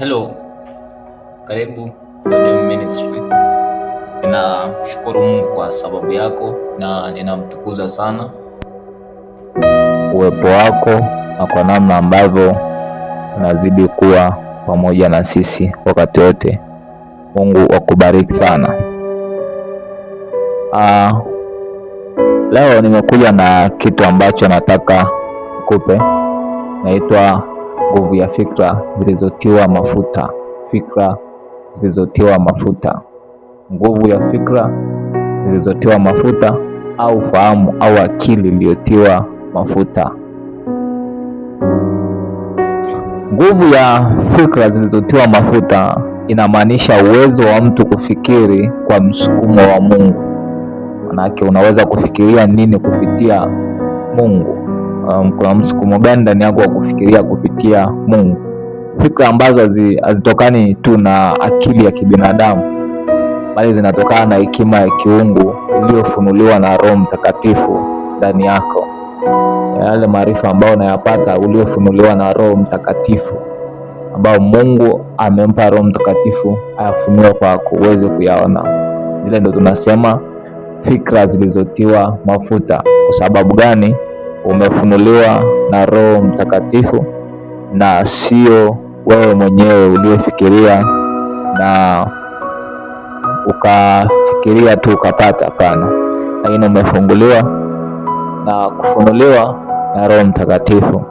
Hello, karibu Fathom Ministry. Ninamshukuru Mungu kwa sababu yako na ninamtukuza sana uwepo wako na kwa namna ambavyo unazidi kuwa pamoja na sisi wakati wote. Mungu wakubariki sana. Ah, leo nimekuja na kitu ambacho nataka kupe naitwa nguvu ya fikra zilizotiwa mafuta, fikra zilizotiwa mafuta, nguvu ya fikra zilizotiwa mafuta au fahamu au akili iliyotiwa mafuta. Nguvu ya fikra zilizotiwa mafuta inamaanisha uwezo wa mtu kufikiri kwa msukumo wa Mungu. Manake unaweza kufikiria nini kupitia Mungu um, kuna msukumo gani ndani yako wa kufikiria kupitia Mungu, fikra ambazo hazitokani tu na akili ya kibinadamu bali zinatokana na hekima ya kiungu iliyofunuliwa na Roho Mtakatifu ndani yako, yale maarifa ambayo unayapata uliofunuliwa na Roho Mtakatifu ambayo Mungu amempa Roho Mtakatifu ayafunue kwako uweze kuyaona. Zile ndo tunasema fikra zilizotiwa mafuta. Kwa sababu gani? umefunuliwa na Roho Mtakatifu na sio wewe mwenyewe uliyefikiria na ukafikiria tu ukapata. Hapana, lakini umefunguliwa na kufunuliwa na Roho Mtakatifu.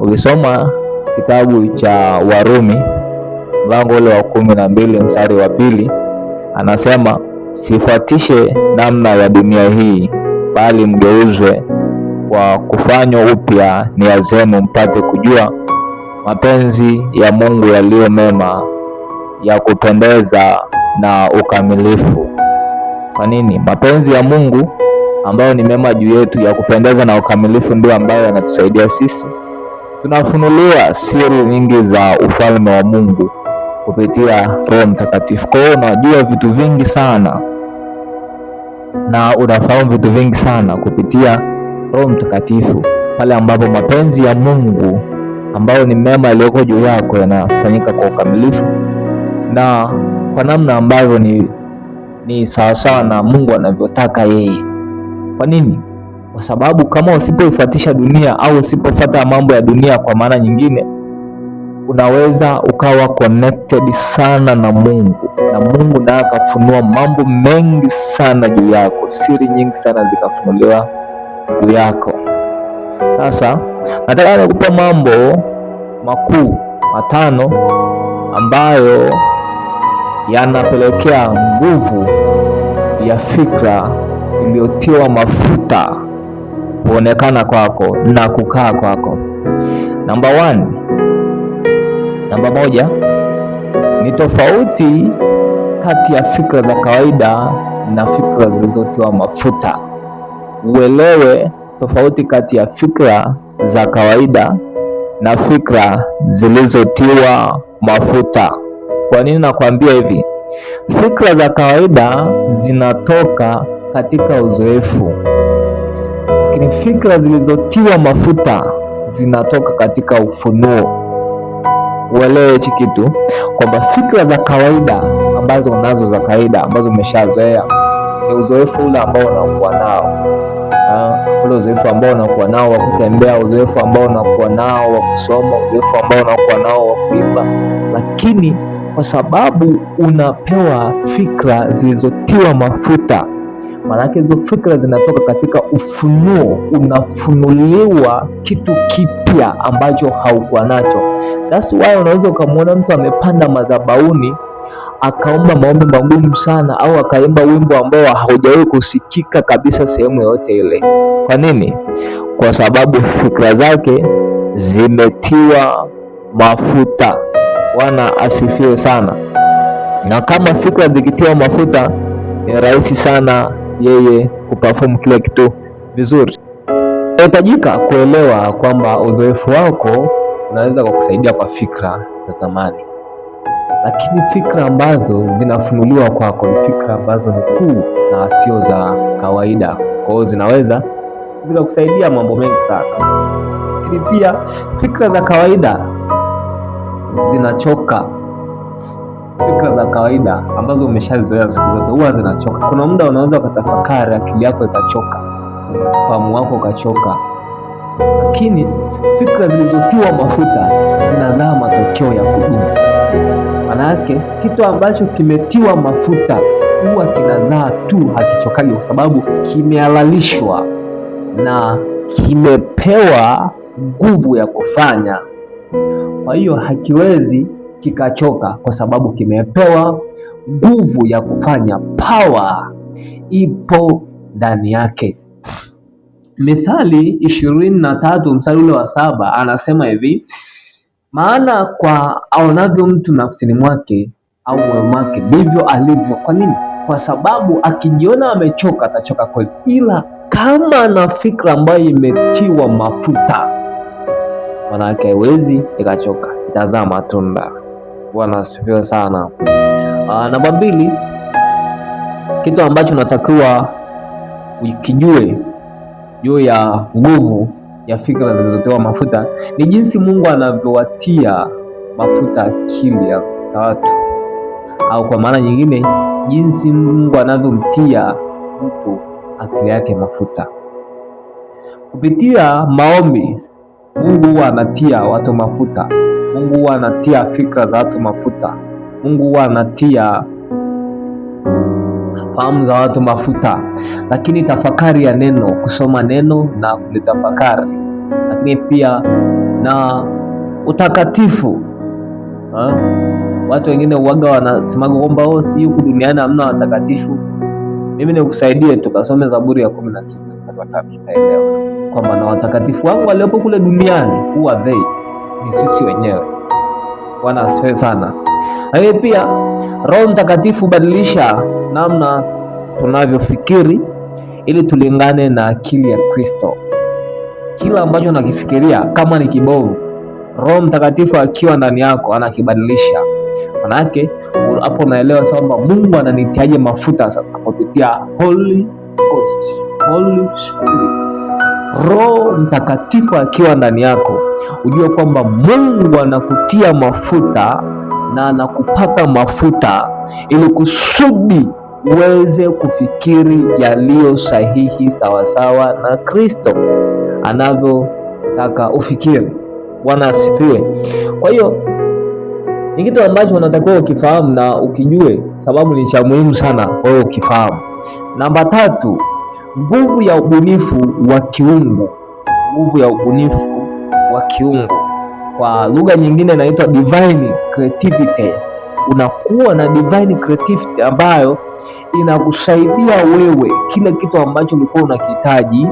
Ukisoma kitabu cha Warumi mlango ule wa kumi na mbili mstari wa pili anasema, sifuatishe namna ya dunia hii, bali mgeuzwe kwa kufanywa upya nia zenu, mpate kujua mapenzi ya Mungu yaliyo mema, ya kupendeza na ukamilifu. Kwa nini? Mapenzi ya Mungu ambayo ni mema juu yetu, ya kupendeza na ukamilifu, ndio ambayo yanatusaidia sisi. Tunafunuliwa siri nyingi za ufalme wa Mungu kupitia Roho Mtakatifu. Kwa hiyo unajua vitu vingi sana na unafahamu vitu vingi sana kupitia Roho Mtakatifu pale ambapo mapenzi ya Mungu ambayo ni mema yaliyoko juu yako yanafanyika kwa ukamilifu na kwa namna ambavyo ni, ni sawasawa na Mungu anavyotaka yeye. Kwa nini? Kwa sababu kama usipoifuatisha dunia au usipofuata mambo ya dunia, kwa maana nyingine, unaweza ukawa connected sana na Mungu na Mungu naye akafunua mambo mengi sana juu yako, siri nyingi sana zikafunuliwa juu yako. Sasa nataka nikupa mambo makuu matano ambayo yanapelekea nguvu ya fikra iliyotiwa mafuta kuonekana kwako na kukaa kwako. Namba one, namba moja ni tofauti kati ya fikra za kawaida na fikra zilizotiwa mafuta uelewe tofauti kati ya fikra za kawaida na fikra zilizotiwa mafuta. Kwa nini nakwambia hivi? Fikra za kawaida zinatoka katika uzoefu, lakini fikra zilizotiwa mafuta zinatoka katika ufunuo. Uelewe hichi kitu kwamba fikra za kawaida ambazo unazo za kawaida ambazo umeshazoea ni uzoefu ule ambao unakuwa nao kupitia ule uzoefu ambao unakuwa nao wa kutembea, uzoefu ambao unakuwa nao wa kusoma, uzoefu ambao unakuwa nao wa kuimba, lakini kwa sababu unapewa fikra zilizotiwa mafuta, maanake hizo fikra zinatoka katika ufunuo, unafunuliwa kitu kipya ambacho haukuwa nacho. That's why unaweza ukamwona mtu amepanda madhabahuni akaomba maombi magumu sana au akaimba wimbo ambao haujawahi kusikika kabisa sehemu yoyote ile. Kwa nini? Kwa sababu fikra zake zimetiwa mafuta. Bwana asifiwe sana. Na kama fikra zikitiwa mafuta, ni rahisi sana yeye kuperform kile kitu vizuri. Unahitajika kuelewa kwamba uzoefu wako unaweza kukusaidia kwa fikra za zamani lakini fikra ambazo zinafunuliwa kwako ni fikra ambazo ni kuu na sio za kawaida. Kwa hiyo zinaweza zikakusaidia mambo mengi sana, lakini pia fikra za kawaida zinachoka. Fikra za kawaida ambazo umeshazoea siku zote huwa zinachoka. Kuna muda unaweza ukatafakari, akili yako ikachoka, fahamu wako ukachoka, lakini fikra zilizotiwa mafuta zinazaa matokeo ya kudumu. Manake kitu ambacho kimetiwa mafuta huwa kinazaa tu, hakichokaji kwa sababu kimehalalishwa na kimepewa nguvu ya kufanya. Kwa hiyo hakiwezi kikachoka kwa sababu kimepewa nguvu ya kufanya, power ipo ndani yake. Mithali ishirini na tatu mstari ule wa saba anasema hivi maana kwa aonavyo mtu nafsini mwake au moyo mwake ndivyo alivyo. Kwa nini? Kwa sababu akijiona amechoka atachoka kweli, ila kama ana fikra ambayo imetiwa mafuta, yake haiwezi ikachoka, itazaa matunda. Bwana asifiwe sana. Aa, ah, namba mbili, kitu ambacho natakiwa ukijue juu ya nguvu ya fikra zilizotiwa mafuta ni jinsi Mungu anavyowatia mafuta akili ya watu, au kwa maana nyingine, jinsi Mungu anavyomtia mtu akili yake mafuta. Kupitia maombi, Mungu huwa anatia watu mafuta. Mungu huwa anatia fikra za watu mafuta. Mungu huwa anatia fahamu za watu mafuta, lakini tafakari ya neno, kusoma neno na kulitafakari, lakini pia na utakatifu ha? Watu wengine uwaga wanasemaga kwamba oh, si huku duniani hamna watakatifu. Mimi nikusaidie tukasome Zaburi ya kumi na sita kwamba na watakatifu wangu waliopo kule duniani huwa they ni sisi wenyewe. Bwana asifiwe sana. Lakini pia Roho Mtakatifu hubadilisha namna tunavyofikiri ili tulingane na akili ya Kristo. Kila ambacho nakifikiria kama ni kibovu, Roho Mtakatifu akiwa ndani yako anakibadilisha. Manake hapo unaelewa kwamba Mungu ananitiaje mafuta sasa kupitia Holy Ghost, Holy Spirit. Roho Mtakatifu akiwa ndani yako, ujue kwamba Mungu anakutia mafuta na anakupaka mafuta ili kusudi uweze kufikiri yaliyo sahihi sawasawa na Kristo anavyotaka ufikiri. Bwana asifiwe. Kwa hiyo ni kitu ambacho unatakiwa ukifahamu na ukijue, sababu ni cha muhimu sana wewe ukifahamu. Namba tatu, nguvu ya ubunifu wa kiungu. Nguvu ya ubunifu wa kiungu kwa lugha nyingine inaitwa divine creativity. Unakuwa na divine creativity ambayo inakusaidia wewe, kile kitu ambacho ulikuwa unakihitaji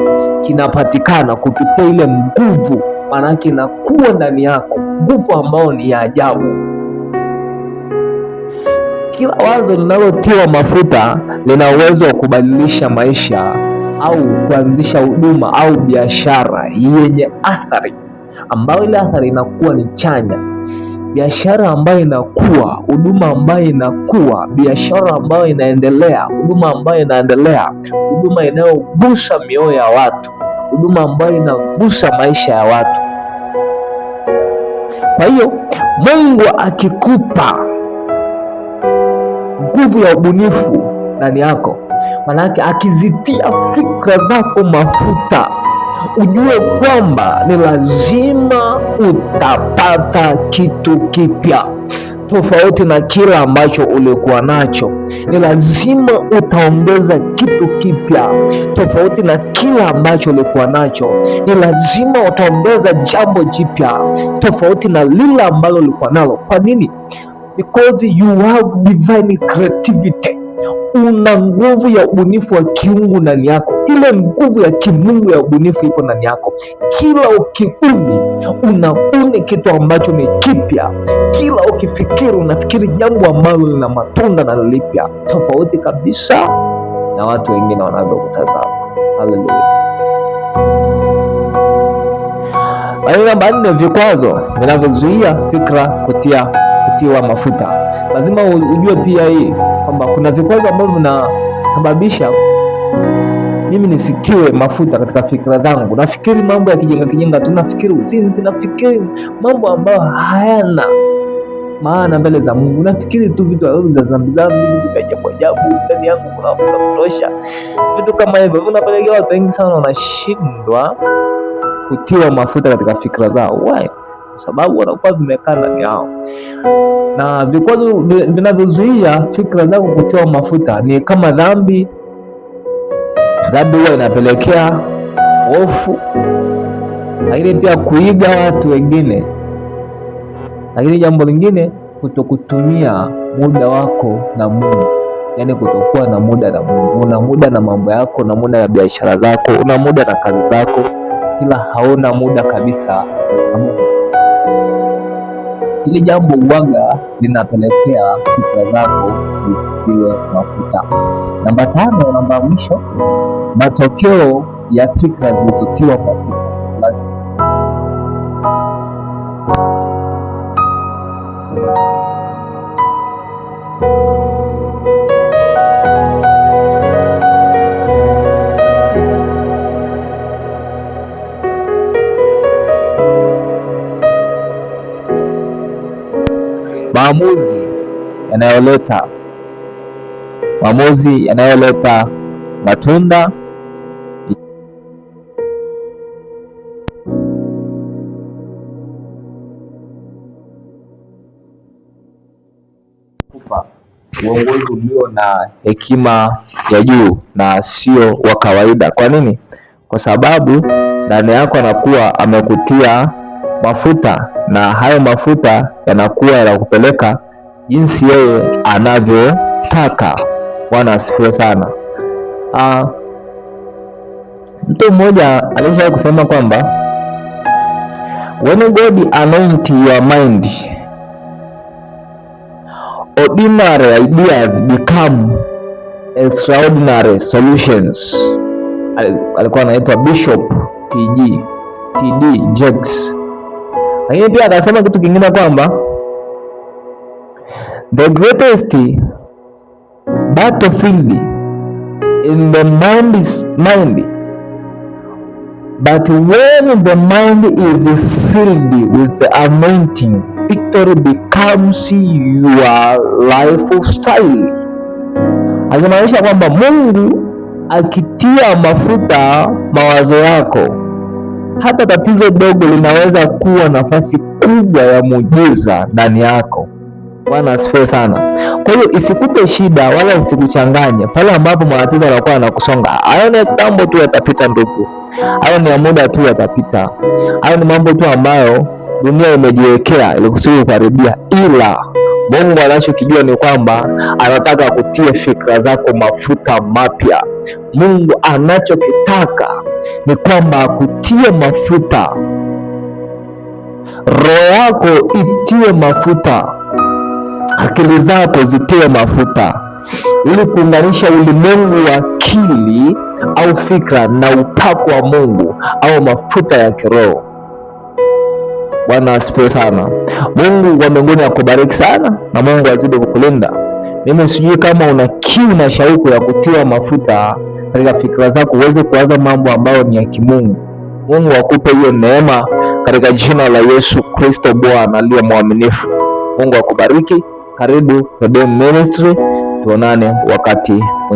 kinapatikana kupitia ile nguvu, maanake inakuwa ndani yako, nguvu ambayo ni ya ajabu. Kila wazo linalotiwa mafuta lina uwezo wa kubadilisha maisha au kuanzisha huduma au biashara yenye athari, ambayo ile athari inakuwa ni chanya biashara ambayo inakuwa, huduma ambayo inakuwa, biashara ambayo inaendelea, huduma ambayo inaendelea, huduma inayogusa mioyo ya watu, huduma ambayo inagusa maisha ya watu. Kwa hiyo Mungu akikupa nguvu ya ubunifu ndani yako, maanake akizitia fikra zako mafuta ujue kwamba ni lazima utapata kitu kipya tofauti na kila ambacho ulikuwa nacho. Ni lazima utaongeza kitu kipya tofauti na kila ambacho ulikuwa nacho. Ni lazima utaongeza jambo jipya tofauti na lile ambalo ulikuwa nalo. Kwa nini? Because you have divine creativity una nguvu ya ubunifu wa kiungu ndani yako. Ile nguvu ya kimungu ya ubunifu ipo ndani yako. Kila ukibuni unabuni kitu ambacho ni kipya. Kila ukifikiri unafikiri jambo ambalo lina matunda na lipya, tofauti kabisa na watu wengine wanavyokutazama. Haleluya. Lakini namba nne, vikwazo vinavyozuia fikra kutia kutiwa mafuta. Lazima ujue pia hii kwamba kuna vikwazo ambavyo vinasababisha mimi nisitiwe mafuta katika fikra zangu. Nafikiri mambo ya kijenga kijenga tu, nafikiri uzinzi, nafikiri mambo ambayo hayana maana mbele za Mungu, nafikiri tu vitu ambavyo vya zambi zambi, vitu vya ajabu ajabu, ndani yangu kuna mafuta kutosha, vitu kama hivyo vinapelekea watu wengi sana wanashindwa kutiwa mafuta katika fikra zao. Why? kwa sababu wanakuwa vimekaa ndani yao. Na vikwazo vinavyozuia fikra zako kutiwa mafuta ni kama dhambi. Dhambi huwa inapelekea hofu, lakini pia kuiga watu wengine, lakini jambo lingine kutokutumia muda wako na Mungu, yaani kutokuwa na muda na Mungu. Una muda na mambo yako, una muda na biashara zako, una muda na kazi zako, ila hauna muda kabisa na Mungu. Hili jambo uwaga linapelekea fikra zako zisikiwe mafuta. Namba tano, namba mwisho, matokeo ya fikra zilizotiwa mafuta. maamuzi yanayoleta maamuzi yanayoleta matunda uongozi ulio na hekima ya juu na sio wa kawaida. Kwa nini? Kwa sababu ndani yako anakuwa amekutia mafuta, na hayo mafuta yanakuwa yanakupeleka jinsi yeye anavyotaka. Bwana asifiwe sana. Ah, mtu mmoja alishawahi kusema kwamba when God anoint your mind ordinary ideas become extraordinary solutions. Alikuwa anaitwa Bishop TG TD Jakes. Lakini pia akasema kitu kingine kwamba the greatest battlefield in the mind is mind but when the mind is filled with the anointing victory becomes your lifestyle. Akimaanisha kwamba Mungu akitia mafuta mawazo yako hata tatizo dogo linaweza kuwa nafasi kubwa ya muujiza ndani yako. Bwana asifiwe sana. Kwa hiyo isikupe shida wala isikuchanganye pale ambapo matatizo yanakuwa yanakusonga. Hayo ni mambo tu yatapita ndugu, hayo ni ya muda tu yatapita. Hayo ni mambo tu ambayo dunia imejiwekea ili kusudi kuharibia, ila Mungu anachokijua ni kwamba anataka kutia fikra zako mafuta mapya. Mungu anachokitaka ni kwamba akutie mafuta, roho yako itie mafuta, akili zako zitie mafuta, ili kuunganisha ulimwengu wa akili au fikra na upako wa Mungu au mafuta ya kiroho. Bwana asifiwe sana. Mungu wa mbinguni akubariki sana na Mungu azidi kukulinda. Mimi sijui kama una kiu na shauku ya kutiwa mafuta katika fikra zako uweze kuanza mambo ambayo ni ya kimungu. Mungu akupe hiyo neema katika jina la Yesu Kristo Bwana aliye mwaminifu. Mungu akubariki. Karibu Redeem Ministry, tuonane wakati mwingine.